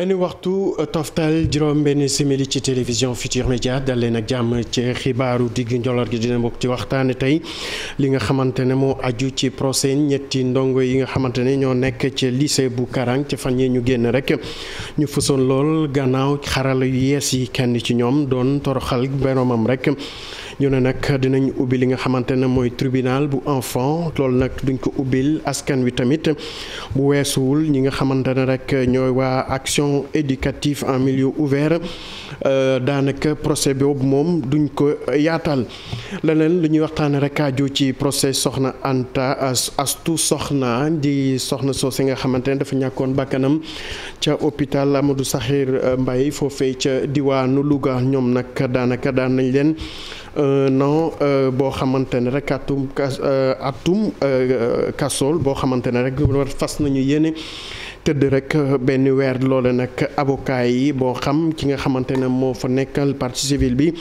benn waxtu euh, toftal juróom benn simili ci télévision Futur Média dal leen ak jàmm ci xibaaru digg njoloor gi dina bokk ci waxtaane tey li nga xamante ne moo aju ci procès ñetti ndongo yi nga xamante ne ñoo nekk ci lycée bu Karang ci fan yi ñu génn rek ñu fusoon lool gannaaw xarala yu yees yi kenn ci ñoom doon toroxal benoomam rek ñu ne nag dinañu ubbi li nga xamante ne mooy tribunal bu enfant loolu nag duñ ko ubbil askan wi tamit bu weesuwul ñi nga xamante ne rek ñooy waa action éducative en milieu ouvert euh, daanaka procès boobu moom duñ ko yaatal leneen lu ñuy waxtaane rek aju ci procès soxna Anta Astu Soxna di soxna soose nga xamante ne dafa ñàkkoon bàkkanam ca hôpital du Sakhir euh, mbay foofee ca diwaanu Louga ñoom nag daanaka daan nañ leen non an euh, boo xamante ne rek atum euh, atum euh, kasol boo xamante ne rek fas nañu yéene tëdd rek benn weer loole nag abokaay yi boo xam ci nga xamante ne moo fa nekkal partie civile bi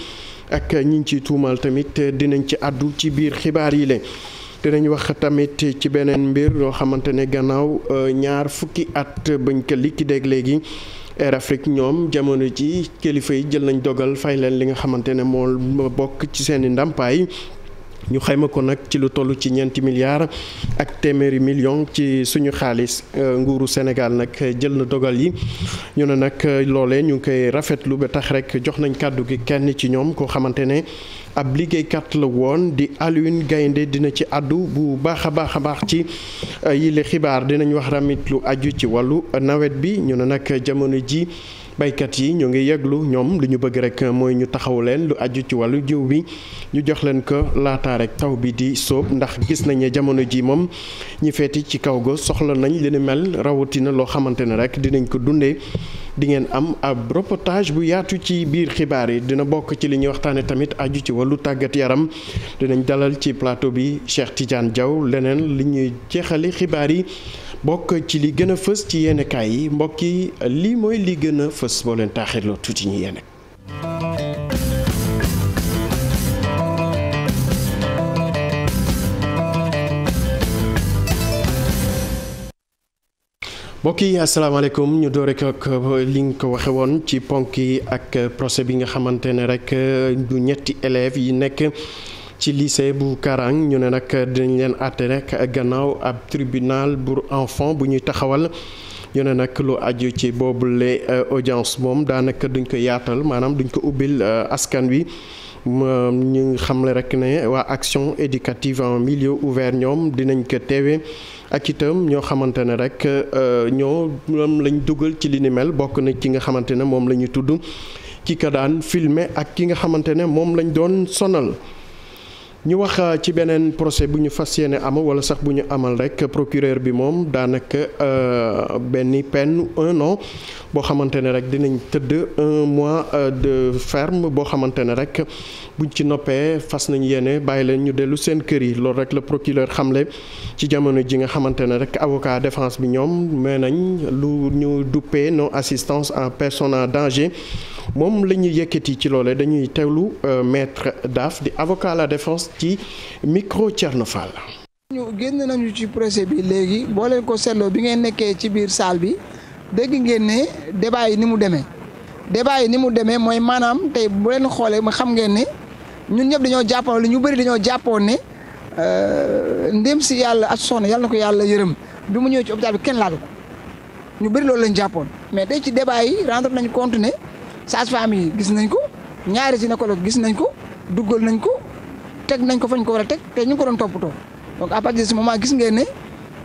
ak ñi ci tuumal tamit dinañ ci àddu ci biir xibaar yi le dinañ wax tamit ci beneen mbir yoo xamante ne gannaaw ñaar fukki at bañ ko liggéey léegi. Air Afrique ñoom jamono ji kilifa yi jël nañ dogal fay leen li nga xamante ne moo bokk ci seen i ndàmpaay ñu xayma ko nag ci lu toll ci ñeenti milliards ak téeméeri million ci suñu xaalis euh, nguuru Sénégal nag jël na dogal yi ñu ne nag euh, loole ñu ngi koy rafetlu ba tax rek jox nañ kàddu gi kenn ci ñoom koo xamante ne. ab liggéeykat la woon di Alioune Gaynde dina ci àddu bu baax a baax a baax ci euh, yile xibaar dinañ wax ramit lu aju ci wàllu nawet bi ñu ne nag jamono ji baykat yi ñoo ngi yëglu ñoom li ñu bëgg rek mooy ñu taxaw leen lu aju ci wàllu jiw bi ñu jox leen ko laataa rek taw bi di sóob ndax gis nañ ne jamono ji moom ñi feeti ci kaw ga soxla nañ li mel rawatina loo xamante ne rek dinañ ko dundee di ngeen am ab reportage bu yaatu ci biir xibaar yi dina bokk ci li ñuy waxtaane tamit aju ci wàllu tàggat yaram dinañ dalal ci plateau bi Cheikh Tidiane Diaw leneen li ñuy jeexali xibaar yi bokk ci li gën a fës ci yenn yi mbokk yi lii mooy li gën a fës boo leen tuuti ñu yenn. mbokk yi asalaamaaleykum ñu door li nga ko waxee woon ci ponk yi ak procès bi nga xamante ne rek du ñetti élèves yi nekk. ci lycée bu Karang ñu ne nag dinañ leen àtte rek gannaaw ab tribunal pour enfant bu ñuy taxawal ñu ne nag lu aju ci boobule euh, audience moom daanaka duñ ko yaatal maanaam duñ ko ubbil euh, askan wi. ñu xamle rek ne waa action éducative en milieu ouvert ñoom dinañ ko teewe ak itam ñoo xamante ne rek euh, ñoo moom lañ dugal ci li ni mel bokk na ki nga xamante ne moom la ñu tudd ki ko daan filmer ak ki nga xamante ne moom lañ doon sonal. ñu wax euh, ci beneen procès bu ñu fas yéene am wala sax bu ñu amal rek procureur bi moom daanaka euh, benn peine un an boo xamante ne rek dinañ tëdd un mois euh, de ferme boo xamante ne rek buñ ci noppee fas nañ yéene bàyyi leen ñu dellu seen kër yi loolu rek la procureur xamle ci jamono ji nga xamante ne rek avocat défense bi ñoom mee nañ lu ñu duppee non assistance en personne en danger. moom la ñu yëkkati ci loole dañuy teewlu euh, maître Daaf di avocat à la défense ci micro Thierno Fall. ñu génn nañu ci procès bi léegi boo leen ko seetloo bi ngeen nekkee ci biir saal bi dégg ngeen ne débat yi ni mu demee débat yi ni mu demee mooy maanaam tey bu leen xoolee ma xam ngeen ne ñun ñëpp dañoo jàppoon li ñu bëri dañoo jàppoon ne euh, ndem si yàlla ak soxna yàlla ko yàlla yërëm bi mu ñëwee ci hôpital bi kenn laalu ko ñu bëri loolu lañ jàppoon mais tey ci sage-femme gis nañ ko ñaari gynécologue gis nañ ko duggal nañ ko teg nañ ko fañ ko war a teg te ñu ko doon toppatoo donc à partir de ce moment gis ngeen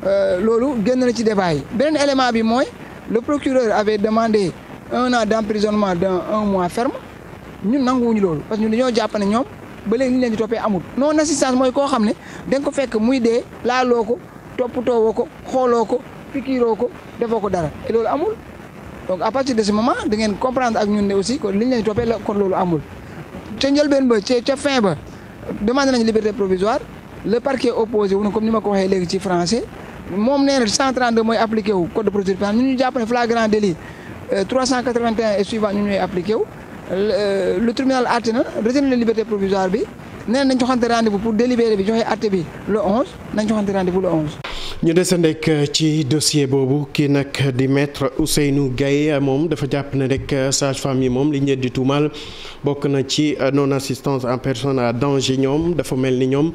euh, loolu génn na ci débat yi beneen élément bi mooy le procureur avait demandé un an d'emprisonnement d'un un mois ferme ñun nanguwuñu loolu parce que ñun dañoo jàpp ne ñoom ba ñu leen di toppee amul non assistance mooy koo xam ne da nga ko fekk muy dee laaloo ko toppatoo woo ko xooloo ko pikiiroo ko defoo ko dara loolu amul donc à partir de ce moment da ngeen comprendre ak ñun ne aussi kon li ñu leen toppee la kon loolu amul ca njëlbeen ba ca ca fin ba demandé nañ liberté provisoire le parquet opposé wu na comme ni ma ko waxee léegi ci français moom nee na 132 mooy appliqué wu code de procédure pénale ñun ñu jàpp ne flagrant euh, et suivant ñu ñooy appliqué wu le euh, liberté provisoire bi nee nañ joxante rendez-vous pour délibéré bi joxe àtte bi le 11 nañ joxante rendez-vous le 11. ñu euh, ci dossier boobu kii nag di maître Ousseynou Gaye euh, moom dafa jàpp na rek euh, sage-femme yi moom li ñu leen di tuumaal bokk na ci non assistance en personne à danger ñoom dafa mel ni ñoom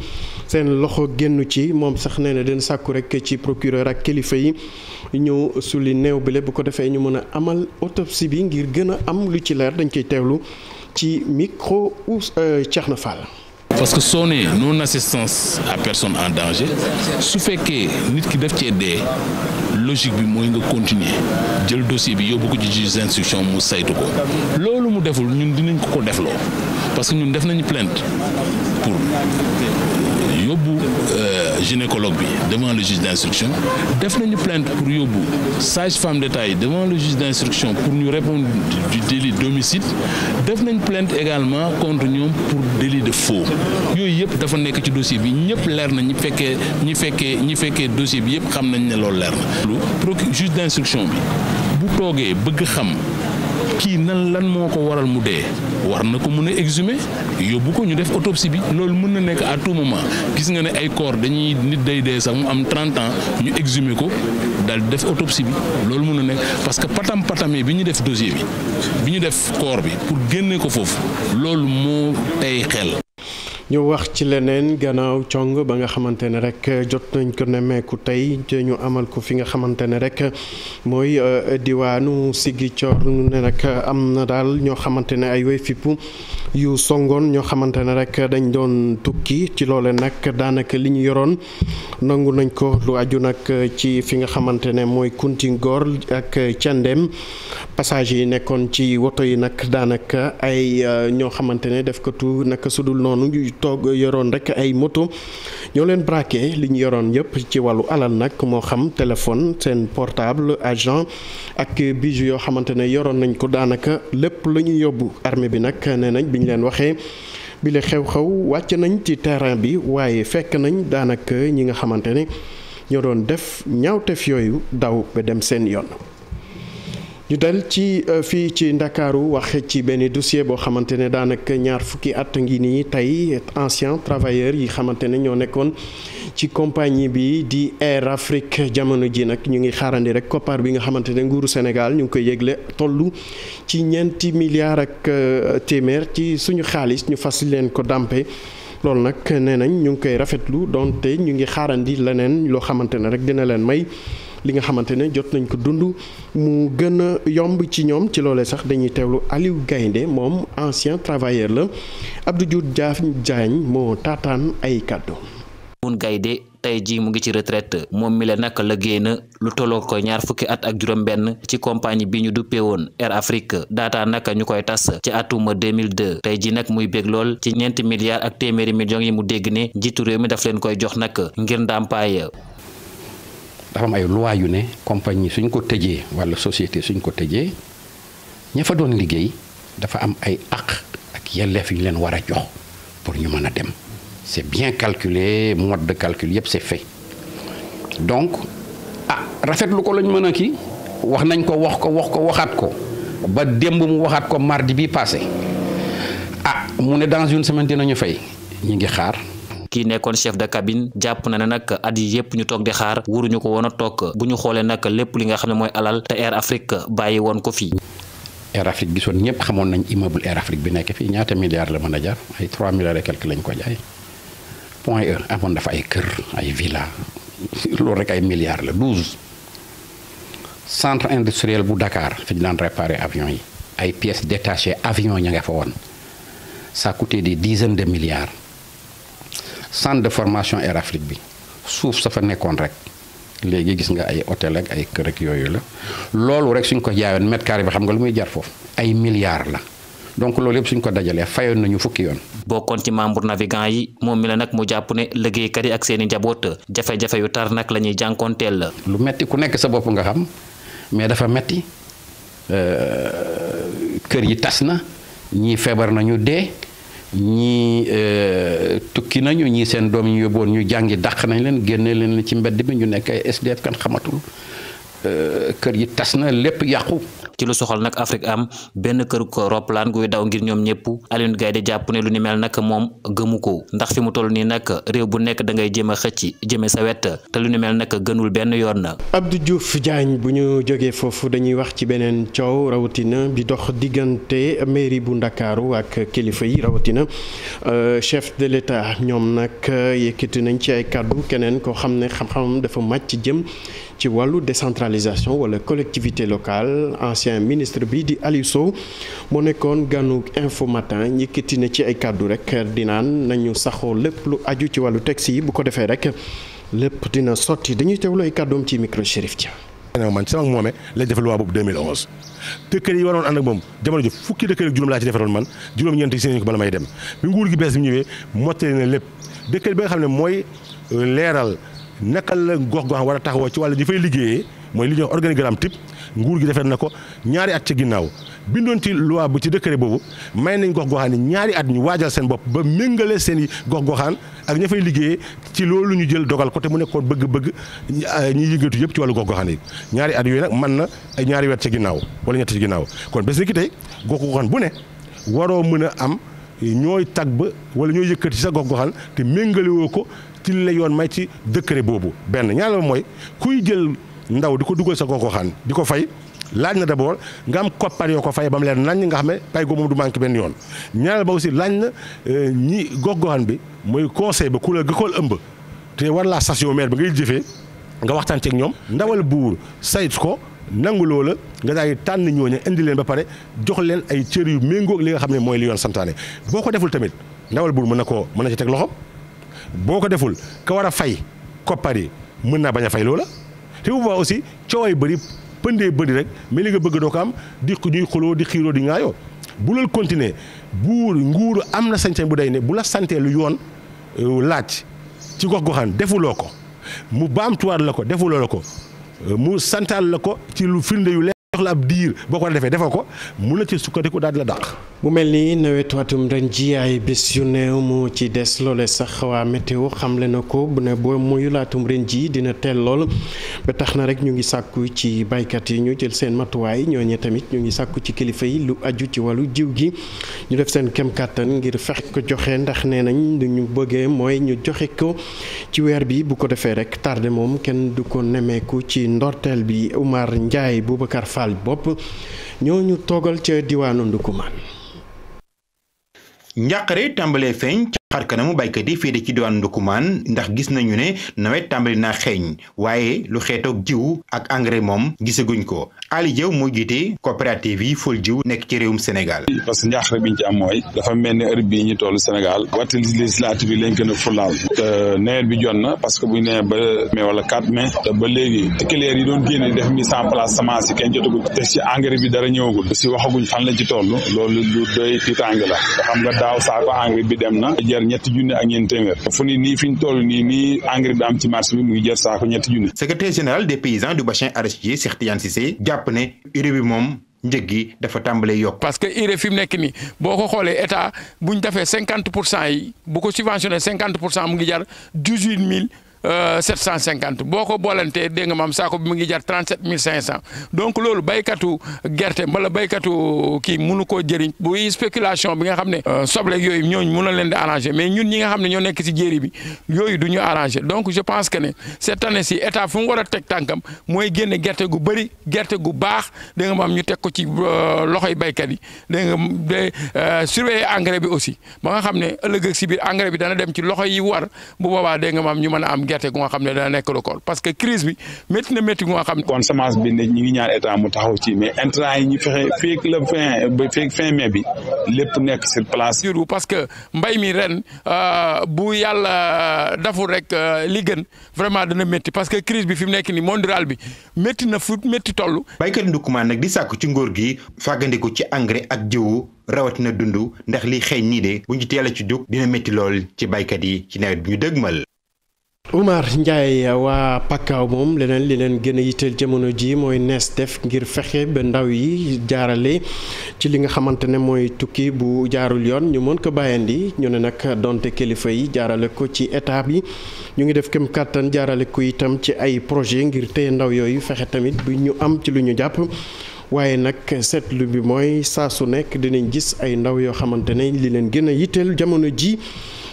seen loxo génn ci moom sax nee na den sàkku rek ci procureur ak kilifa yi ñëw suli néew bile bu ko defee ñu mën a amal autopsie bi ngir gën a am lu ci leer dañ koy teewlu ci micro Thierno Fall. parce que soo nee non assistance à personne en danger su fekkee nit ki def cee dee logique bi mooy nga continuer jël dossier bi yóbbu ko ci juge instruction mu saytu ko loolu mu deful ñun dinañ ko ko defloo parce que ñun def nañu plainte pour yóbbu euh, gynécologue bi devant le juge d'instruction def nañu plainte pour yóbbu sage-femme de yi devant le juge d'instruction pour ñu répondre du délit d'homicide def nañ plainte également contre ñoom pour délit de faux yooyu yëpp dafa nekk ci dossier bi ñëpp leer na ñi fekkee ñi fekkee ñi fekkee dossier bi yëpp xam nañ ne lool leer na. pro juge d'instruction bi bu toogee bëgg xam kii nan lan moo ko waral mu dee. war na ko mën a exhumer yóbbu ko ñu def autopsie bi loolu mën na nekk à tout moment gis nga ne ay corps dañuy nit day dee sax mu am 30 ans ñu exhumer ko daal def autopsie bi loolu mën na nekk parce que patam patamee bi ñu def dossier bi bi ñu def corps bi pour génne ko foofu loolu moo tey xel. ñu wax ci leneen gannaaw cong ba nga xamante ne rek eh, jot nañ ko nemmeeku tey te ñu amal ko fi nga xamante ne rek mooy eh, diwaanu Ziguinchor ne nag eh, am na daal ñoo xamante ne ay way fippu yu songoon ñoo xamante ne rek dañ doon tukki ci loole nag daanaka li ñu yoroon nangu nañ ko lu aju nag ci fi nga xamante ne mooy Kuntingor ak Thiendem passage yi nekkoon ci woto yi nag daanaka ay euh, ñoo xamante ne def ko tu naka sudul noonu toog yoroon rek ay moto ñoo leen braqué li ñu yoroon yëpp ci wàllu alal nag moo xam téléphone seen portable agent ak bijoux yoo xamante ne yoroon nañ ko daanaka lépp la ñu yóbbu armée bi nag nee nañ bi ñu leen waxee. bi xew-xew wàcc nañ ci terrain bi waaye fekk nañ daanaka ñi nga xamante ne ñoo doon def ñaawteef yooyu daw ba dem seen yoon. ñu dal ci euh, fii ci ndakaaru wax ci benn dossier boo xamante ne daanaka ñaar fukki at ngi nii tey ancien travailleur yi xamante ne ñoo nekkoon ci compagnie bi di Air Afrique jamono ji nag ñu ngi xaarandi rek koppar bi nga xamante ne nguuru Sénégal ñu ngi koy yëgle tollu ci ñeenti milliards ak euh, téeméer ci suñu xaalis ñu fas leen ko dàmpe loolu nag nee nañ ñu ngi koy rafetlu donte ñu ngi xaarandi leneen loo xamante ne rek dina leen may li nga xamante ne jot nañ ko dund mu gën a yomb ci ñoom ci loolee sax dañuy teewlu Aliou Gaynde moom ancien travailleur la Abdou Diouf Diagne moo taataan ay kàddu. mun gaynde tey jii mu ngi ci retraite moom mi la nag la génn lu tolloo ko ñaar fukki at ak juróom-benn ci compagnie bi ñu duppee woon Air Afrique daataa naka ñu koy tas ci atuma 2002 tey jii nag muy bég lool ci ñeenti milliards ak téeméeri millions yi mu dégg ne njiitu réew mi daf leen koy jox nag ngir ndàmpaay dafa am ay loi yu ne compagnie suñ ko tëjee walla société suñ ko tëjee ña fa doon liggéey dafa am ay àq ak yelleef yu ñu leen war a jox pour ñu mën a dem c'est bien calculé mode de calcul yëpp c'est fait donc ah rafetlu ko lañ mën a kii wax nañ ko wax ko wax ko waxaat ko ba démb mu waxaat ko mardi bi passé ah mu ne dans une semaine dinañu fay ñu ngi xaar. kii nekkoon chef de cabine jàpp na ne nag at yi yépp ñu toog di xaar wuruñu ko woon a toog bu ñu xoolee nag lépp li nga xam ne mooy alal te Air Afrique bàyyi woon ko fii. Air Afrique gisoon ñëpp xamoon nañ immeuble Air Afrique bi nekk fii ñaata milliards la mën a jar ay 3 milliards et ko jaay Point E amoon dafa ay kër ay villa loolu rek ay milliards la 12 centre industriel bu Dakar fi ñu daan réparer avion yi ay pièces détachées avion ña nga fa woon ça coûtait des dizaines de milliards centre de formation Air Afrique bi suuf sa fa nekkoon rek léegi gis nga ay hôtel ak ay kër ak yooyu la loolu rek suñ ko jaayoon mètre carré bi xam nga lu muy jar ay milliards la donc loolu yëpp suñ ko dajalee fayoon nañu fukki yoon. bokkoon ci membre navigant yi moom mi la nag mu jàpp ne liggéeykat yi ak seen i njaboot jafe-jafe yu tar nag la ñuy jànkoonteel la. lu metti ku nekk sa bopp nga xam mais dafa metti euh, kër yi tas na ñii feebar nañu dee. ñii euh, tukki nañu ñii seen doom ñu yóbboon ñu jàngi dàq nañ leen génne leen ci mbedd bi ñu nekk ay SDF kan xamatul euh, kër yi tas na lépp yàqu ci lu soxal nag Afrique am benn kër ko roppalaan guy daw ngir ñoom ñëpp Alioune Gaye di jàpp ne lu ni mel nag moom gëmu ko ndax fi mu toll nii nag réew bu nekk dangay jëm a xëcc jëme sa wet te lu ni mel nag gënul benn yoon na. Abdou Diouf Diagne bu ñu jógee foofu dañuy wax ci beneen coow rawatina bi dox diggante mairie bu Ndakaaru ak kilifa yi rawatina euh, chef de l'État ñoom nag yëkkati nañ ci ay kàddu keneen koo xam ne xam-xamam dafa màcc jëm. ci wàllu décentralisation wala collectivité locale ancien ministre bi di Aliou Sow moo nekkoon ganu info matin yëkkati ci ay kàddu rek di naan nañu saxoo lépp lu aju ci wàllu taxi bu ko defee rek lépp dina sotti dañuy teewlu ay kàddoom ci micro Chérif Dia. man sama moome lañ defal loi boobu 2011 dëkk jamono ji fukki dëkk juróom laa ci defaroon man juróom-ñeent yi seen ko bala may dem bi nguur gi bees bi ñëwee mottali na lépp dëkk bi nga xam ne mooy euh, leeral naka la gox gox war a taxawoo ci wàllu ñi fay liggéeyee mooy li ñuy wax organigramme type nguur gi defee na ko ñaari at ci ginnaaw bindoon ci loi bu ci décret boobu may nañ gox goxaan yi ñaari at ñu waajal seen bopp ba méngale seen i gox ak ña fay liggéeyee ci loolu ñu jël dogal ko mu nekkoon bëgg-bëgg ñi yëngatu yëpp ci wàllu gox goxaan yi ñaari at yooyu nag mën na ay ñaari weer ci ginnaaw wala ñett ci ginnaaw kon bés ni ki tey gox goxaan bu ne waroo mën a am ñooy tag ba wala ñooy yëkkati sa gox goxaan te méngale ko ci li la yoon may ci décret boobu benn ñaareel mooy kuy jël ndaw di ko dugal sa gox-goxaan di ko fay laaj na d'abord nga am koppar yoo ko fay ba mu leer nañ nga xam ne pay go moom du manqué benn yoon ñaareel ba aussi laaj na euh, ñi gox-goxaan bi mooy conseil ba ku la gëkkool ëmb te war laa station maire bi ngay jëfee nga waxtaan ceeg ñoom ndawal buur sayt ko nangu loola nga daal di tànn ñooñu indi leen ba pare jox leen ay cër yu méngóog li nga xam ne mooy li yoon santaane boo ko deful tamit ndawal buur mën na koo mën na ci teg loxo boo ko deful ka war a fay koppar yi mën naa bañ a fay loola te bu boobaa aussi cooway bëri pëndee bëri rek mais li nga bëgg doo ko am di ñuy xuloo di xiiroo di ŋaayoo bu loolu continuer nguur am na sañ bu day ne bu la santee lu yoon euh, laaj ci gox-goxaan defuloo ko mu baamtuwaat la ko defuloo la ko euh, mu santaal la ko ci lu firnde yu soxla ab diir boo ko defee defal ko mun na ci sukkandiku daal di la dàq. mu mel ni nawetu atum ren ji ay bés yu néew moo ci des loole sax waa météo xamle na ko bu ne boo muyul atum ren ji dina teel lool ba tax na rek ñu ngi sàkku ci baykat yi ñu jël seen matuwaay ñooñu tamit ñu ngi sàkku ci kilifa yi lu aju ci wàllu jiw gi ñu def seen kem kàttan ngir fex ko joxe ndax nee nañ lu bëggee mooy ñu joxe ko ci weer bi bu ko defee rek tardé moom kenn du ko nemmeeku bopp ñoo ñu toogal ca diwaanu Ndukumaan njàqare tàmbalee xar kanamu baykat yi fii de ci diwaan Ndukumaan ndax gis nañu ne nawet tàmbali na xeeñ waaye lu xeetoog jiw ak engrais moom gisaguñ ko Ali Diaw moo jiite coopérative yi fool jiw nekk ci réewum Sénégal. parce que njaaxare bi ñu ci am mooy dafa mel ni heure bii ñu toll Sénégal waxtu législative yi lañ gën a fulaal te nawet bi jot na parce que bu ñu nee ba mai wala 4 mais te ba léegi clair yi doon génne def mi sans place semence yi kenn jotagul te si engrais bi dara ñëwagul si waxaguñ fan lañ ci toll loolu lu doy tiitaange la xam nga daaw saako engrais bi dem jar ñetti junne ak ñeent téeméer fu ni nii fi ñu toll nii nii engrais bi am mu ngi jar saako ñetti junne. secrétaire général des paysans du bassin arachidier Cheikh Tidiane Cissé jàpp ne urée bi moom njëg dafa tàmbalee yokk. parce que urée fi nekk nii boo xoolee état bu ñu cinquante pour cent bu ko subventionné cinquante pour cent mu ngi jar dix huit mille. 750 euh, boo ko boolantee dégg nga maam saako bi mu ngi jar 37500 donc loolu baykatu gerte mbala baykatu kii munu koo jëriñ buy spéculation bi nga xam ne euh, soble yooyu ñooñu mun a leen di arranger mais ñun ñi nga xam ne ñoo nekk si jéeri bi yooyu du ñu arranger donc je pense que ne cette année ci état fu war a teg tànkam mooy génne gerte gu bëri gerte gu baax dégg nga maam ñu teg ko ci euh, loxoy baykat yi dégg nga de surveiller engrais bi aussi ba nga xam ne ëllëg si biir engrais bi dana dem ci loxo yi war bu boobaa dégg nga maam ñu mën a am gerte gu nga xam ne dana nekk record parce que crise bi métti na métti gu nga xam ne. kon semence bi ne ñu ngi ñaan mu taxaw ci mais intrant yi ñu bi lépp nekk sur place. surtout parce que mbay mi ren euh, bu yàlla daful rek euh, li gën vraiment dana metti parce que crise bi fi mu nekk nii mondial bi métti na fu métti baykat béykat Ndoukoumane nag di sàkku ci nguur gi fàggandiku ci engrais ak jiwu. rawatina dund ndax liy xeeñ nii de bu ñu teel ci jóg dina métti lool ci baykat yi Oumar Ndiaye waa Pakaaw moom leneen li leen gën a yitteel jamono ji mooy nees def ngir fexe ba ndaw yi jaarale ci li nga xamante ne mooy tukki bu jaarul yoon ñu mën ko bàyyandi ñu ne nag donte kilifa yi jaarale ko ci état bi ñu ngi def kem kàttan jaarale ko itam ci ay projet ngir téye ndaw yooyu fexe tamit bu ñu am ci lu ñu jàpp waaye nag seetlu bi mooy saa su nekk dinañ gis ay ndaw yoo xamante ne li leen gën a yitteel jamono ji.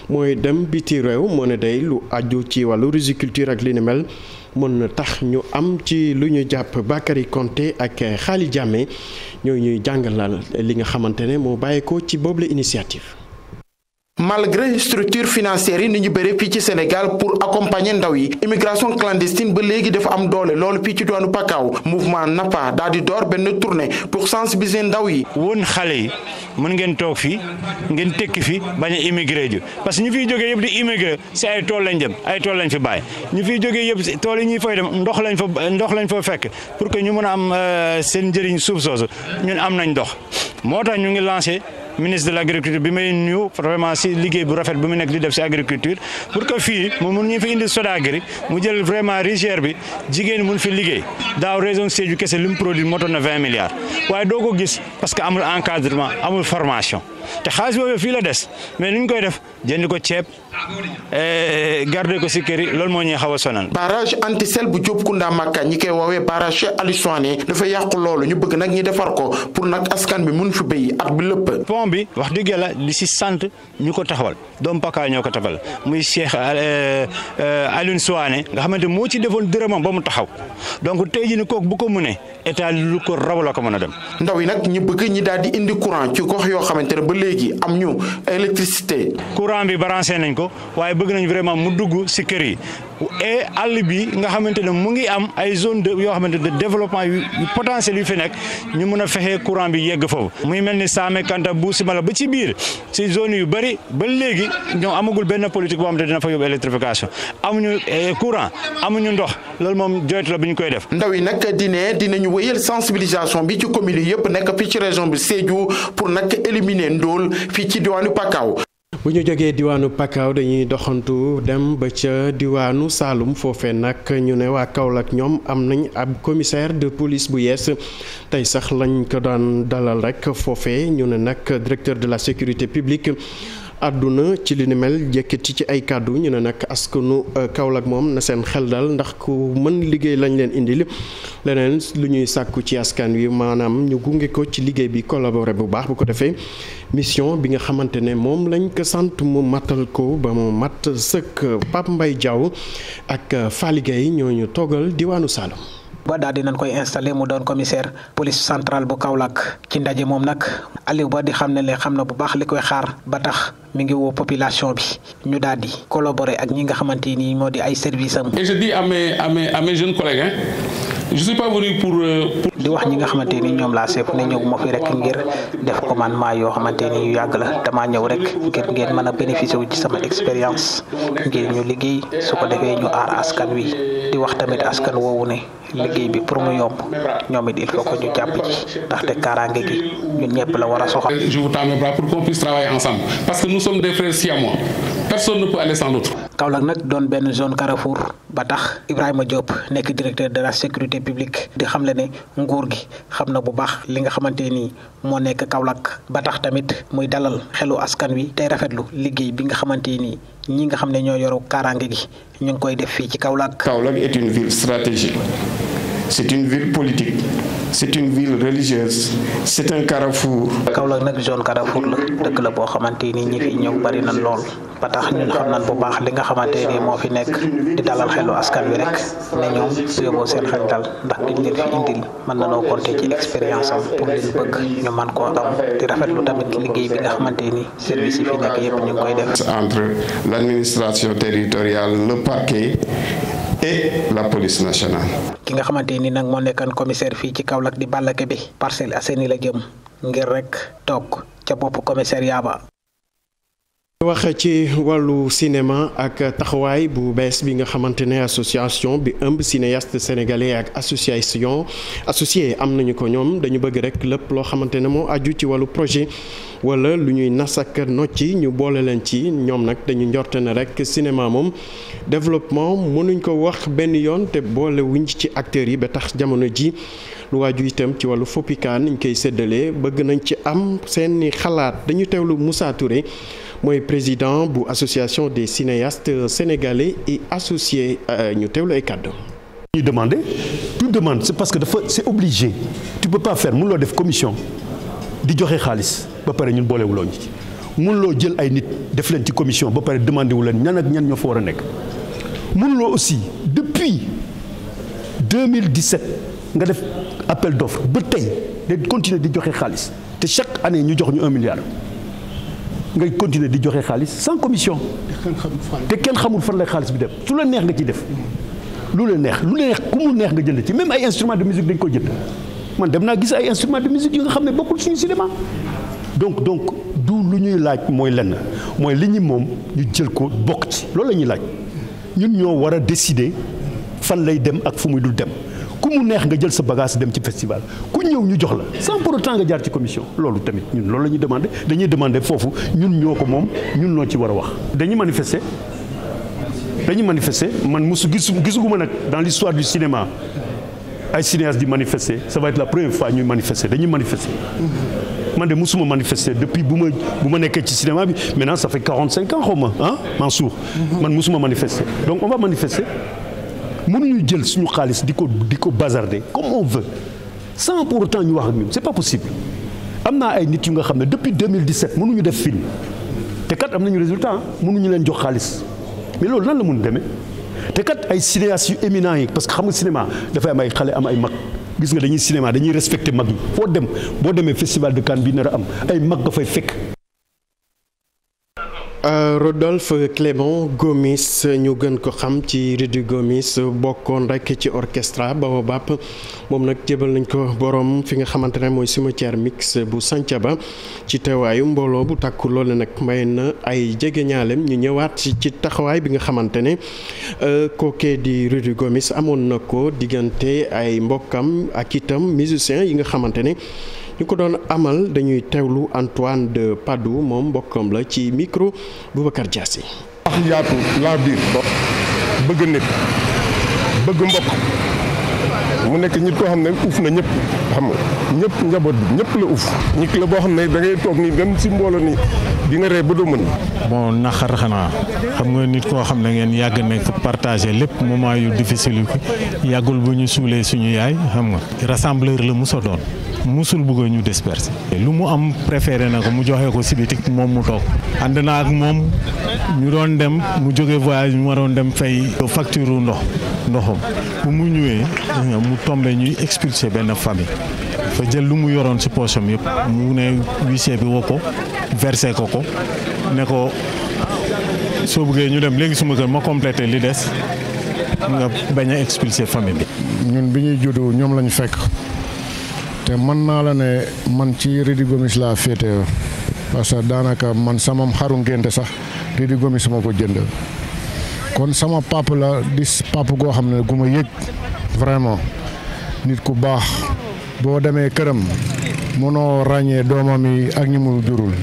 mooy dem biti réew moo ne day lu aju ci wàllu riziculture ak li ni mel mën na tax ñu am ci lu ñu jàpp Bakary Konté ak Khali Diamé ñoo ñuy jàngalal li nga xamante ne moo bàyyeekoo ci boobu la initiative. malgré structure financière yi ni ñu bëre fii ci Sénégal pour accompagner ndaw yi immigration clandestine ba léegi dafa am doole loolu fii ci doonu Pakao mouvement NAPA daal di door benn tournée pour sensibiliser ndaw yi. woon xale yi mën ngeen toog fii ngeen tekki fii bañ a immigré ju parce que ñu fiy jógee yëpp di immigré si ay tool lañ jëm ay tool lañ fi baay ñu fiy jógee yëpp tool yi ñuy fay dem ndox lañ fo ndox lañ fa fekk pour que ñu mun a am euh, seen njëriñ suuf soosu am nañ ndox moo tax ñu ngi lancé. ministre de l' agriculture bi may nuyu vraiment si liggéey bu rafet bi mu nekk di def si agriculture pour que fii mu mun ñu fi indi Sodaagri mu jël vraiment rizière bi jigéen mun fi liggéey daaw région Sédhiou kese li mu produit motoon na 20 milliards waaye doo ko gis parce que amul encadrement amul formation. te xaalis boobu fii la des mais ni ñu koy def jënd ko ceeb eh, garde ko si kër loolu moo ñuy xaw a sonal. barrage antisel bu Diopkounda Maka ñi koy woowee barrage Cheikh Aliou Souané dafa yàqu loolu ñu bëgg nag ñi defar ko pour nag askan bi mun fi béy at lépp. pont bi wax dëgg yàlla si sant ñu ko taxawal doomu ñoo ko taxawal muy Cheikh eh, eh, Aliou Souané nga xamante moo ci defoon dërëmam ba mu taxaw donc tey jii ni kooku bu ko mënee état lu ko raw ko mën a dem. ndaw nag ñu bëgg ñi daal indi courant ci gox xamante ne léegi am ñu électricité. courant bi branché nañ ko waaye bëgg nañ vraiment mu dugg si kër yi et àll bi nga xamante ne mu ngi am ay zone de yoo xamante ne développement yu potentiel yu fi nekk ñu mën a fexe courant bi yegg foofu. muy mel ni Saame Kanta bu Simala ba ci biir si zone yu bëri ba léegi ñoom amagul benn politique boo xamante ne dina fa yóbbu électrification amuñu eh, courant amuñu ndox. loolu moom joytu la bi ñu koy def ndaw yi nag dine dinañu wéyal sensibilisation bi ci commune yi yëpp nekk fii ci région bi Sédhiou pour nag éliminer ndóol fii ci diwaanu Pakao bu ñu jógee diwaanu Pakao dañuy doxantu dem ba ca diwaanu Saalum foofee nag ñu ne waa Kaolack ñoom am nañ ab commissaire de police bu yees tey sax lañ ko daan dalal rek foofee ñu ne nag directeur de la sécurité publique àdduna ci li mel jekkit ci ay kàddu ñu ne nag askanu euh, Kaolack moom na seen xel dal ndax ku mën liggéey lañ leen indil leneen lu ñuy sàkku ci askan wi maanaam ñu gunge ko ci liggéey bi collaboré bu baax bu ko defee mission bi nga xamante ne moom lañ ko sant mu matal ko ba mu mat sëkk Pape mbay Diaw ak euh, Faly Gueye ñoo ñu toogal diwaanu saalam ba daal di nañ koy installé mu doon commissaire police centrale bu Kaolack ci ndaje moom nag Aliou Ba di xam ne ne xam na bu baax li koy xaar ba tax mi ngi woo population bi ñu daal di collaborer ak ñi nga xamante ni moo di ay service am. et je dis à mes à mes euh, pour. di wax ñi nga xamante ni ñoom laa seef ne ñëw ma fi rek ngir def commandement yoo xamante ni yu yàgg la damaa ñëw rek ngir ngeen mën a bénéficier wu ci sama expérience ngir ñu liggéey su ko defee ñu aar askan wi. di wax tamit askan woowu ne liggéey bi pour mu yomb ñoom it il faut que ñu jàpp ci ndaxte kaaraange gi ñun ñëpp la war a soxal. je vous tends mes bras pour qu'on puisse travailler ensemble parce que nous sommes des frères siamois personne ne peut aller sans l'autre. nag doon benn zone carrefour ba tax Ibrahima Diop nekk directeur de la sécurité publique di xamle ne nguur gi xam na bu baax li nga xamante ni moo nekk Kaolack ba tax tamit muy dalal xelu askan wi tey rafetlu liggéey bi nga xamante nii ñi nga xam ne ñoo yoru kaaraange gi ñu ngi koy def fii ci Kaolack. Kaolack est une ville stratégique c'est une ville politique. c'est une ville religieuse c'est un carrefour. Kaolack nag zone carrefour la dëkk la boo xamante ni ñi fi ñëw bari na lool ba tax ñun xam nañ bu baax li nga xamante ni moo fi nekk di dalal xelu askan wi rek ne ñoom su yóbboo seen xel dal ndax liñ fi indil mën na noo compter ci expérience am pour liñ bëgg ñu mën koo am di rafetlu tamit liggéey bi nga xamante ni service yi fi nekk yëpp ñu ngi koy def. entre l'administration territoriale le parquet. la police nationale. ki nga xamante ni nag moo nekkaan commissaire fii ci Kaolack di Balla Kébé Parcelles Assainies la jëm ngir rek toog ca bopp commissariat ba. wax ci wàllu cinéma ak taxawaay bu bees bi nga xamante ne association bi ëmb cinéaste sénégalais ak association associé am nañu ko ñoom dañu bëgg rek lépp loo xamante ne moo aju ci wàllu projet wala lu ñuy nas ak nocci ñu boole leen ci ñoom nag dañu njorte ne rek cinéma moom développement mënuñ ko wax benn yoon te boole wuñ ci acteurs yi ba tax jamono ji lu waaju itam ci wàllu foppikaan ñu koy séddalee bëgg nañ ci am seeni xalaat dañu teewlu Moussa Touré mooy président bu association des cinéastes sénégalais et associés euh, ñu teewlu ay kàddu. ñu demander tout demandes c'est parce que dafa c'est obligé tu ba pas faire mun loo def commission di joxe xaalis ba pare ñun boolewuloo ci mun loo jël ay nit def leen ci commission ba pare demandé wu leen ñan ak ñan ñoo fa war a nekk mun loo aussi depuis 2017 nga def appel d'offre ba tey day continuer di joxe xaalis te chaque année ñu jox ñu un milliard. ngay continuer di joxe xaalis sans commission. te kenn xamul fan lay xaalis bi dem su la neex nga ciy def. lu la neex lu neex ku mu neex nga jënd ci même ay instrument de musique dañ ko jënd man dem naa gis ay instrument de musique yi nga xam ne bokkul suñu cinéma. donc donc du lu ñuy laaj mooy lenn mooy li ñu moom ñu jël ko bokk ci loolu la ñuy laaj ñun ñoo war a décider fan lay dem ak fu muy dul dem. ku mu neex nga jël sa bagage dem ci festival ku ñëw ñu jox la sans pour autant nga jaar ci commission loolu tamit ñun loolu la ñuy demandé dañuy demandé foofu ñun ñoo ko moom ñun loo ci war a wax dañuy manifester dañuy manifester man mosu gisu gisuguma nag dans l'histoire du cinéma ay cinéaste di manifester ça va être la première fois ñuy manifester dañuy manifester man de musuma manifester depuis bu ma bu ma nekkee ci cinéma bi maintenant ça fait 45 ans xaw ma ah Mansour man musuma manifester donc on va mënuñu jël suñu xaalis di ko di ko bazarder comme on veut sans pour autant ñu wax ak ñun c'est pas possible am naa ay nit yu nga xam ne depuis 2017 mënuñu def film te kat am nañu résultat mënuñu leen jox xaalis mais loolu nan la mun demee te kat ay cinéastes yu éminents yi parce que xam nga cinéma dafay am ay xale am ay mag gis nga dañuy cinéma dañuy respecté mag yi foo dem boo demee festival de Cannes bi nar a am ay mag nga fay fekk Euh, Rodolphe Clément Gomis ñu gën ko xam ci Rudy Gomis bokkoon rek ci orchestra Baobab moom nag jébal nañ ko borom fi nga xamante ne mooy cimetière mix bu ba ci teewaayu mbooloo bu takku loole nag may na ay jege ñaaleem ñu ñëwaat ci taxawaay bi nga xamante ne euh, kookee di Rudy Gomis amoon na ko diggante ay mbokkam ak itam musiciens yi nga xamante ne. ñu ko doon amal dañuy teewlu Antoine de Padoue moom mbokkam la ci micro Boubacar Diassi. wax yaatu laa biir bëgg nit bëgg mbokk. mu nekk nit koo xam ne uuf na ñëpp xam nga ñëpp njaboot ñëpp la uuf nit la boo xam ne da ngay toog nii dem si mbooloo nii di nga ree ba doo mën. bon naqar xanaa xam nga nit koo xam ne ngeen yàgg nekk partagé lépp moment yu difficile yu yàggul bu ñu suulee suñu yaay xam nga rassembleur la musa doon musul bëgg ñu disperser. lu mu am préféré na ko mu joxee ko si moom mu toog ànd naa ak moom ñu doon dem mu jóge voyage mu waroon dem fay facture ndox. ndoxam bu mu ñëwee mu tombé ñuy expulsé benn famille fa jël lu mu yoroon ci poosam yëpp mu ne huissier bi woo ko versé ko ko ne ko soo buggee ñu dem léegi suma kër ma complété li des nga bañ a expulsé famille bi. ñun bi ñuy juddu ñoom lañu fekk te man naa la ne man ci Ridi Gomis laa féete parce que daanaka man samam xaru ngénte sax Ridi Gomis ma ko jënd. kon sama papa la di papa goo xam ne gu ma yëg vraiment nit ku baax boo demee këram mënoo ràññee doomam yi ak ñu mu jurul.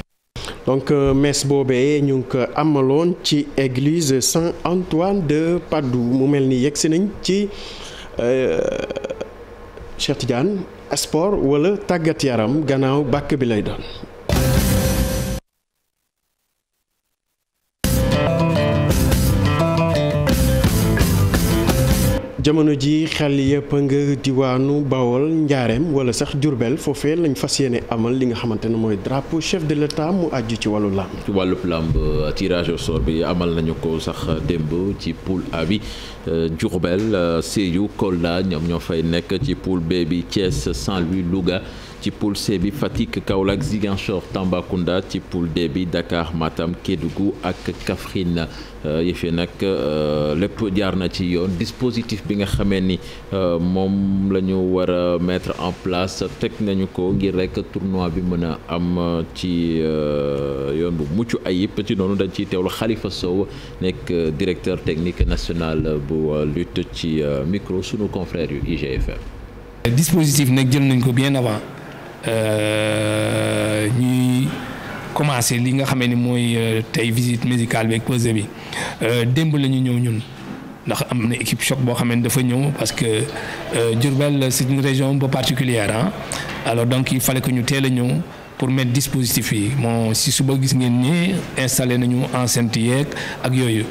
donc euh, messe boobee ñu ngi ko amaloon ci église Saint Antoine de Padoue mu mel ni yegg si nañ ci euh, Cheikh Tidiane sport wala tàggat yaram gannaaw bàkk bi lay doon. jamono ji xel yëpp nga diwaanu Bawol Njaareem wala sax Jurbel foofe lañ fas yéene amal li nga xamante ne mooy drapeau chef de l'État mu àjju ci wàllu làmb. ci wàllu làmp tirage au bi amal nañu ko sax démb ci poule A bi euh, Diourbel euh, Sédhiou Kolda ñoom ñoo fay nekk ci poule B bi Thiès Saint-Louis Louga. ci poule C bi Fatick Kaolack Ziguinchor Tambacounda ci poule D bi Dakar Matam Kédougou ak Kaffrine euh, yëfee nag euh, lépp jaar na ci yoon dispositif bi nga xamee ni euh, moom la ñu war a mettre en place teg nañu ko ngir rek tournoi bi mën a am ci yoon bu mucc ayib ci noonu dañ ciy teewlu xalifa Sow nekk directeur technique national bu lutte ci micro sunu confrère yu IGFM. dispositif Euh, ñuy commencé li nga xamee ni mooy euh, tey visite musicale bi ak posé bi démb la ñu ñëw ñun ndax am na équipe choc boo xamee ni dafa ñëw parce que euh, Diourbel c'est une région ba peu particulière alors donc i fallait que ñu teel a ñëw pour mettre dispositif yi moo si suba gis ngeen ni installé nañu enceinte yeeg ak yooyu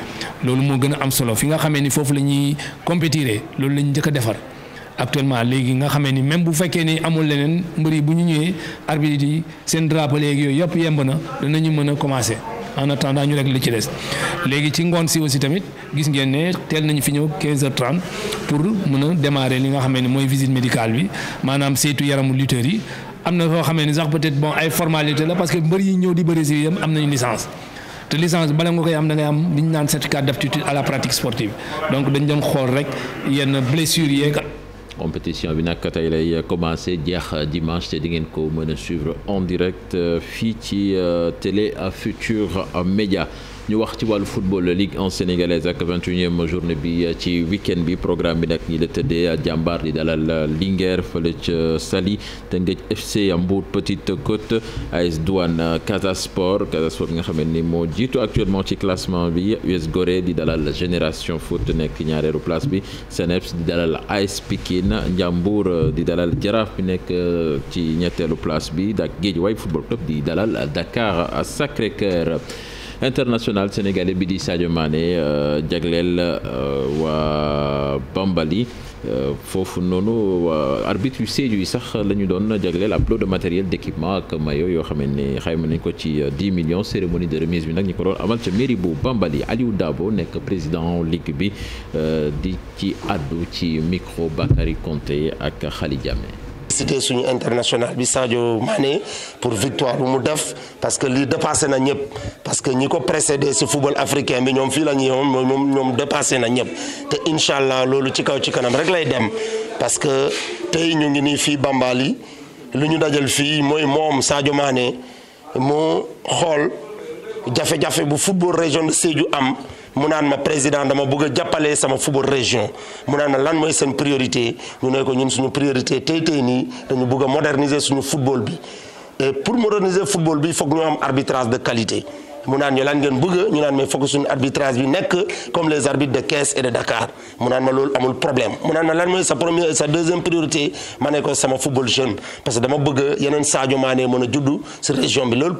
loolu moo gën a am solo fi nga xame ni foofu la ñuy compétir loolu la ñu defar. actuellement léegi nga xamee ni même bu fekkee ni amul leneen mbër yi bu ñu ñëwee arbitre yi seen drapeau léegi yooyu yëpp yemb na danañu mën a commencer en attendant ñu rek li ci des léegi ci ngoon si aussi tamit gis ngeen ne teel nañu fi ñëw 15h30 pour mën a démarrer li nga xamee ni mooy visite médicale bi maanaam saytu yaramu lutteurs yi am na foo xamee ni sax peut-être bon ay formalité la parce que mbër yi ñëw di bëri si yam am nañu licence. te licence bala nga koy am da ngay am li ñu naan certificat d'aptitude à la pratique sportive donc dañ doon compétition bi nag tey lay commencé jeex dimanche te di ngeen ko mën a suivre en direct euh, fii ci euh, télé Futurs Médias ñu wax ci wàllu football ligue en sénégalaise ak 21e journée bi ci week-end bi programme bi nag ñi la tëddee jàmbaar di dalal Linguère fële ca Saly Teungueth FC Mbour Petite Côte AS Douane Casa Sport Casa Sport nga xam ni moo jiitu actuellement ci classement bi US Gorée di dalal Génération Foot nekk ñaareelu place bi CNEPS di dalal AS Pikine Ndiambour di dalal Jaraaf bi nekk ci ñetteelu place bi dak Guédiawaye Football Club di dalal Dakar Sacré-Cœur international sénégalais bi di Sadio maane euh, jagleel euh, waa Bambali euh, foofu noonu arbitre yu Sédhiou yi sax lañu doon jagleel ab lot de matériel d'équipement ak maillot yoo xam ni xayma nañ ko ci 10 millions cérémonie de remise bi nag ñu ko doon amal ca mairie bu Bambali Aliou Dabo nekk président ligue bi di ci àddu ci micro Bakary Konté ak xali Diamé cité suñu international bi Sadio Mané pour victoire bu mu def parce que lii dépassé na ñëpp parce que ñi ko précédé si football africain bi ñoom fii la ñu yoon moom ñoom dépassé na ñëpp te incha allah loolu ci kaw ci kanam rek lay dem parce que tey ñu ngi nii fii Bambali lu ñu dajal fii mooy moom Sadio Mané mu xool jafe-jafe bu football région de Sédhiou am. mu naan ma président dama bëgg a jàppale sama football région mu naan ma lan mooy seen priorité ñu ne ko ñun suñu priorité tey tey nii dañu bëgg a moderniser suñu football bi et pour moderniser football bi il ñu am arbitrage de qualité. mu naan ñu lan ngeen bëgg ñu naan mais fokk suñu arbitrage bi nekk comme les arbitres de Thiès et de Dakar mu naan ma loolu amul problème mu naan ma lan mooy sa ma ne ko sama football jeune parce que dama bëgg yeneen a juddu si région bi loolu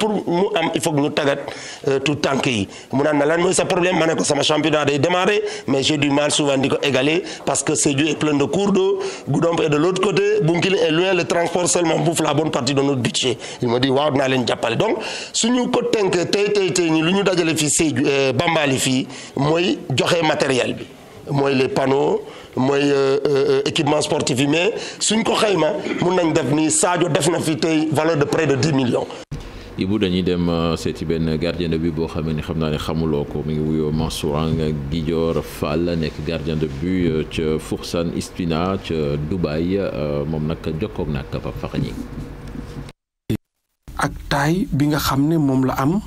euh, problème ma ne ko sama championnat day démarrer mais j'ai mal souvent di ko égaler parce que Sédhiou est plein de cours d'eau Goudomp est de l'autre côté Bounkiling est loin le transport suñu ko tënk tey tey xamante nii lu ñu dajale fi Sédhiou euh, Bambali fii mooy joxe matériel bi mooy les panneaux mooy euh, euh, équipement sportif yi mais suñ ko xayma mun nañ def ni Sadio def na fi tey valeur de près de dix millions. bu dañuy dem seeti benn gardien de but boo xamee ne xam naa ni xamuloo ko mi ngi wuyoo Mansourang Gidior Fall nekk gardien de but ca Foursan Ispina ca Dubaï moom nag jokkoog nag Pape Faxañi. ak taay bi nga xam ne moom la am.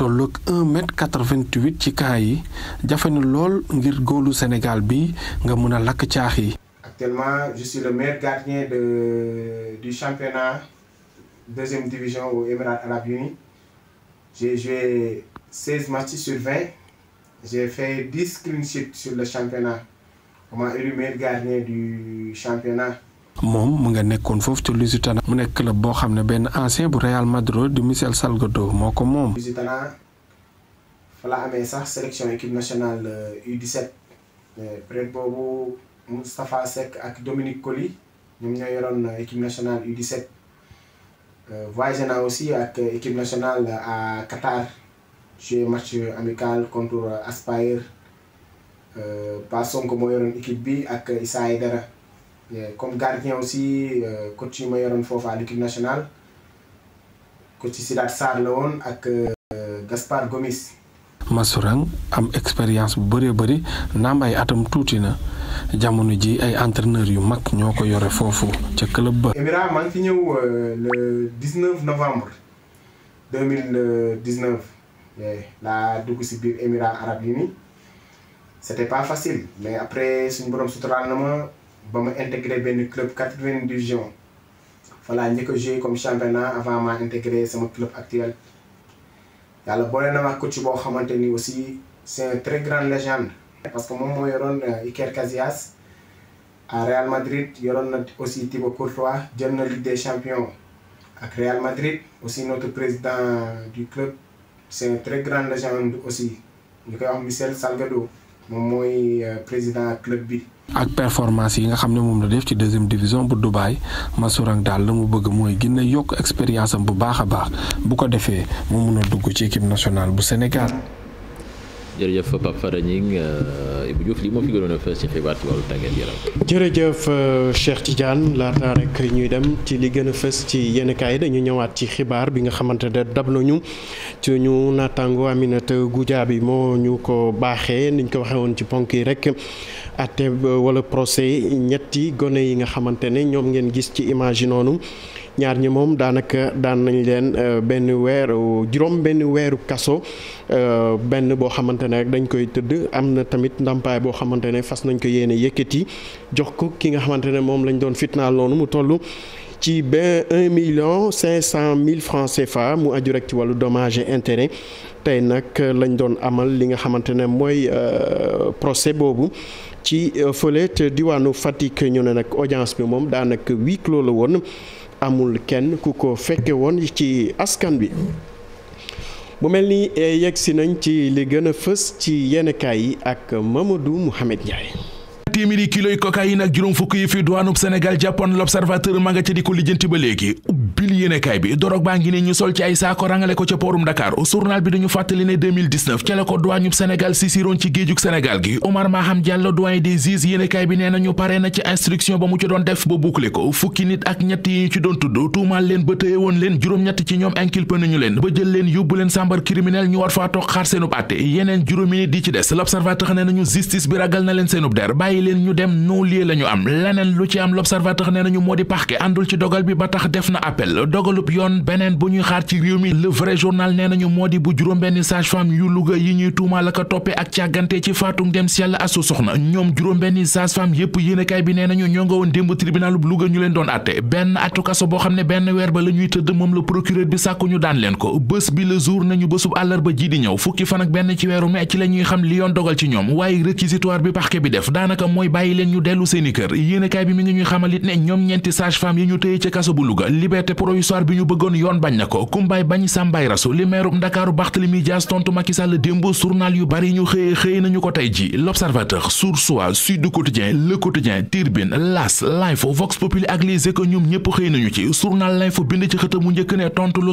tolloog un mètre quatre-vingt-huit ci kaa yi jafanu lool ngir góolu Sénégal bi nga mën a lakk caax yi. actuellement je suis le meilleur gardien de du championnat deuxième division aux Émirats arabes unis j'ai joué seize matchs sur vingt j'ai fait dix clean le championnat on m'a élu meilleur du championnat. moom mu nga nekkoon foofu ca Lusitana mu nekk club boo xam ne benn ancien bu Real Madrid di Michel Salgado moo ko moom. Lusitana fa la amee sax sélection équipe nationale U17 euh, euh, peut-être boobu Moustapha Seck ak Dominique Colli ñoom ñoo yoroon euh, équipe nationale U17 voyagé naa nationale à Qatar joué match amical contre Aspire Pa Sonko moo yoroon équipe bi ak Issa Aidara. comme gardien aussi euh, coach yu ma yoroon foofa à l'équipe nationale coach Sidat Sarr la woon ak euh, Gaspard Gomis. Massourang am expérience bu bëree bëri naam ay atam tuuti na jamono ji ay entraîneur yu mag ñoo ko yore foofu ca club ba. Émirat maa fi ñëw euh, le novembre laa dugg si biir Émirats arabes unis c'était pas facile mais après suñu borom suturaal na ma. ba ma intégré benn club vingt division voilà njëkk a joué comme championnat avant ma intégré sama club actuel yàlla boole na ma coach boo xamante ni aussi c' est une très grande légende. parce que moom moo yoroon euh, Iker Casillas à Real Madrid yoroon na aussi Thibaut Courtois jël na Ligue des champions ak Real Madrid aussi notre président du club c' est une très grande aussi ñu koy wax Michel Salgado. moom mooy euh, président club bi. ak performance yi nga xam ne moom la def ci deuxième division bu Dubaay Mansour daal la mu bëgg mooy gën yokk expérience bu baax a baax bu ko defee mu mun a dugg ci équipe nationale bu Sénégal. jërëjëf Pape Fara Gning euh, Ibou Diouf lii moo fi euh, Cheikh Tidiane laata rek ñuy dem ci li gën a fës ci yenn kaay dañu ñëwaat ci xibaar bi nga xamante ne dab nañu ci ñu naataango Aminata Goudia bi moo ñu ko baaxee niñ ko waxee woon ci ponk yi rek àtte wala procès ñetti gone yi nga xamante ne ñoom ngeen gis ci image yi noonu. ñaar ñi moom daanaka daan nañ leen euh, benn weeru juróom benn weeru kaso euh, benn boo xamante ne rek dañ koy tëdd am na tamit ndàmpaay boo xamante ne fas nañ ko yéene yëkkati jox ko ki nga xamante ne moom lañ doon fitnaal loonu mu toll ci benn un million cinq cent mille francs CFA mu aju rek ci wàllu domage et tey nag lañ doon amal li nga xamante ne mooy euh, procès boobu ci fële te diwaanu Fatick ñu ne nag audience bi moom daanaka huis clos la woon. amul kenn ku ko fekke woon ci askan bi bu mel ni e eh, si nañ ci li gën a fës ci yenn yi ak Mamadou Mouhamed Ndiaye ñaar téeméeri kiloy cocaïne ak juróom fukk yi fi duwaanub Sénégal jàppoon l'observateur ma ca di ko lijjanti ba léegi ubbil yéenekaay bi dorog baa ngi ne ñu sol ci ay saako rangale ko ca poorum Dakar journal bi dañu fàttali ne 2019 ca la ko duwaañub Sénégal si ci géejug Sénégal gi Omar Maham Diallo doyen des juges yéenekaay bi nee nañu pare na ci instruction ba mu ci doon def ba boucler ko fukki nit ak ñett yi ñu ci doon tudd tuumaal leen ba tëye woon leen juróom-ñett ci ñoom inculpé na leen seenub der bàyyi bàyyi leen ñu dem non lieu la ñu am leneen lu ci am l'observateur nee nañu moo di parquet àndul ci dogal bi ba tax def na appel dogalub yoon beneen bu ñuy xaar ci réew mi le vrai journal nee nañu moo di bu juróom-benn sage-femme yu Louga yi ñuy tuumaal ak a toppe ak càggante ci faatu dem si yàlla asu soxna ñoom juróom-benn sage-femme yépp yéenekaay bi nee nañu ñoo nga woon démb tribunalub Louga ñu leen doon atte benn atu kaso boo xam ne benn weer ba la ñuy tëdd moom la procureur bi sàkku daan leen ko bés bi le jour nañu bésub àllarba ji di ñëw fukki fan benn ci weeru mai ci la ñuy xam li yoon ci ñoom waaye réquisitoire bi parquet bi def mooy bàyyi leen ñu dellu seeni kër yéenekaay bi mi ngi ñuy xamal it ne ñoom ñeenti sage-femme yi ñu téye ci kaso bu Louga liberté provisoire bi ñu bëggoon yoon bañ na ko kumbaay bañ sàmbaay rasu li meerub Ndakaaru Barthélémy Dias tontu Macky Sall démb journal yu bari ñu xëye xëye nañu ko tey ji L'Observateur Source A Sud Quotidien Le Quotidien Tribune L'As L'Info Vox Populi ak Les Échos ñoom ñépp xëy nañu ci journal L'Info bind ci xët mu njëkk ne tontu lu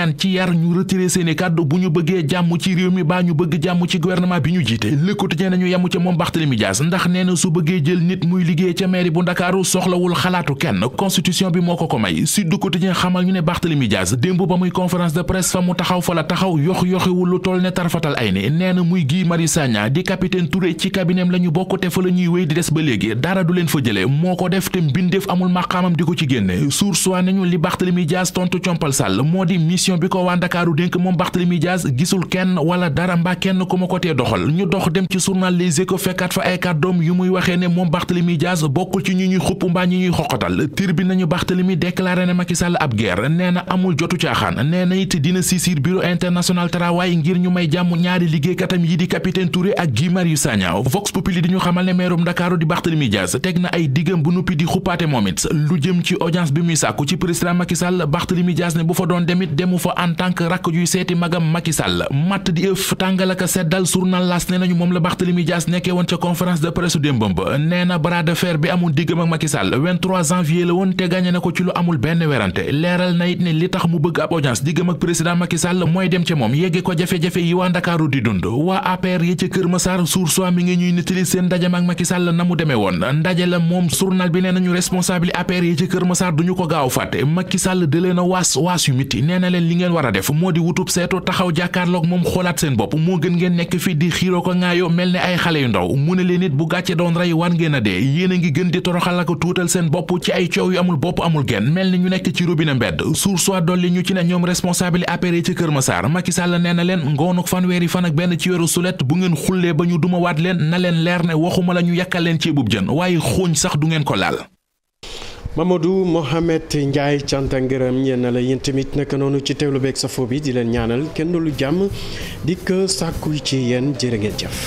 ñaan ci yar ñu retiré seeni kàddu bu ñu bëggee jàmm ci nañu ne Barthélémy Dias démb ba muy conférence de presse fa mu taxaw fa la taxaw yox yoxiwul lu toll ne tarfatal ay ni nee na muy Guy Marius di capitaine Touré ci cabineem la bokk te fa la ñuy di des ba léegi dara du leen fa jële moo ko def te mbindeef amul maqaamam di ko ci génne source wa nañu li Barthélémy Dias tontu compal sàll moo di mission mission bi ko waa Ndakaaru dénk moom Barthélemy Dias gisul kenn wala dara mbaa kenn ku ma ko tee doxal ñu dox dem ci journal Les Échos fekkaat fa ay kàddoom yu muy waxee ne moom Barthélemy Dias bokkul ci ñu ñuy xupp mbaa ñi ñuy xoqatal tir bi nañu Barthélemy déclaré ne Macky Sall ab guerre nee na amul jotu caaxaan nee na it dina saisir bureau international travail ngir ñu may jàmm ñaari liggéeykatam yi di capitaine Touré ak Guy Marius Sagna Vox Populi di ñu xamal ne meerum Ndakaaru di fa en tant que rakk juy seeti magam Macky Sall matt di ëf tàngal seddal journal L'As nee nañu moom la Barthélémy Dias nekkee woon ca conférence de presse démbam nee na bras de fer bi amul woon te gagné na ko ci lu amul benn werante leeral na it ne li tax mu bëgg ab audience diggam ak moom yegge ko jafe-jafe yi waa Ndakaaru di dund waa APR yi ca Kër Massar Source mi ngi ñuy nettali seen ndajam ak Macky na mu li ngeen war a def moo di wutub seetu taxaw jàkkaarloog moom xoolaat seen bopp moo gën ngeen nekk fii di xiiroo ko ŋaayoo mel ne ay xale yu ndaw mu ne leen nit bu gàcce doon rey war ngeen a dee yéen a ngi gën di toroxal ak tuutal seen bopp ci ay coow yu amul bopp amul genn mel ni ñu nekk ci robinet mbedd sursoi dolli ñu ci ne ñoom responsable APR ci Kër Massar ma Sall nee na leen ngoonuk fanweeri fan ak benn ci weeru sulet bu ngeen xullee ba ñu duma leen na leen leer ne waxuma la ñu yàkkal leen ceebub jën waaye xooñ sax du ngeen ko laal Mamadou Mohamed Ndiaye cant ak ngërëm ñeen na la yéen tamit naka noonu ci teewlu beeg safo bi di leen ñaanal kenn lu jàmm di ko sàkku ci yéen jërë ngeen jëf.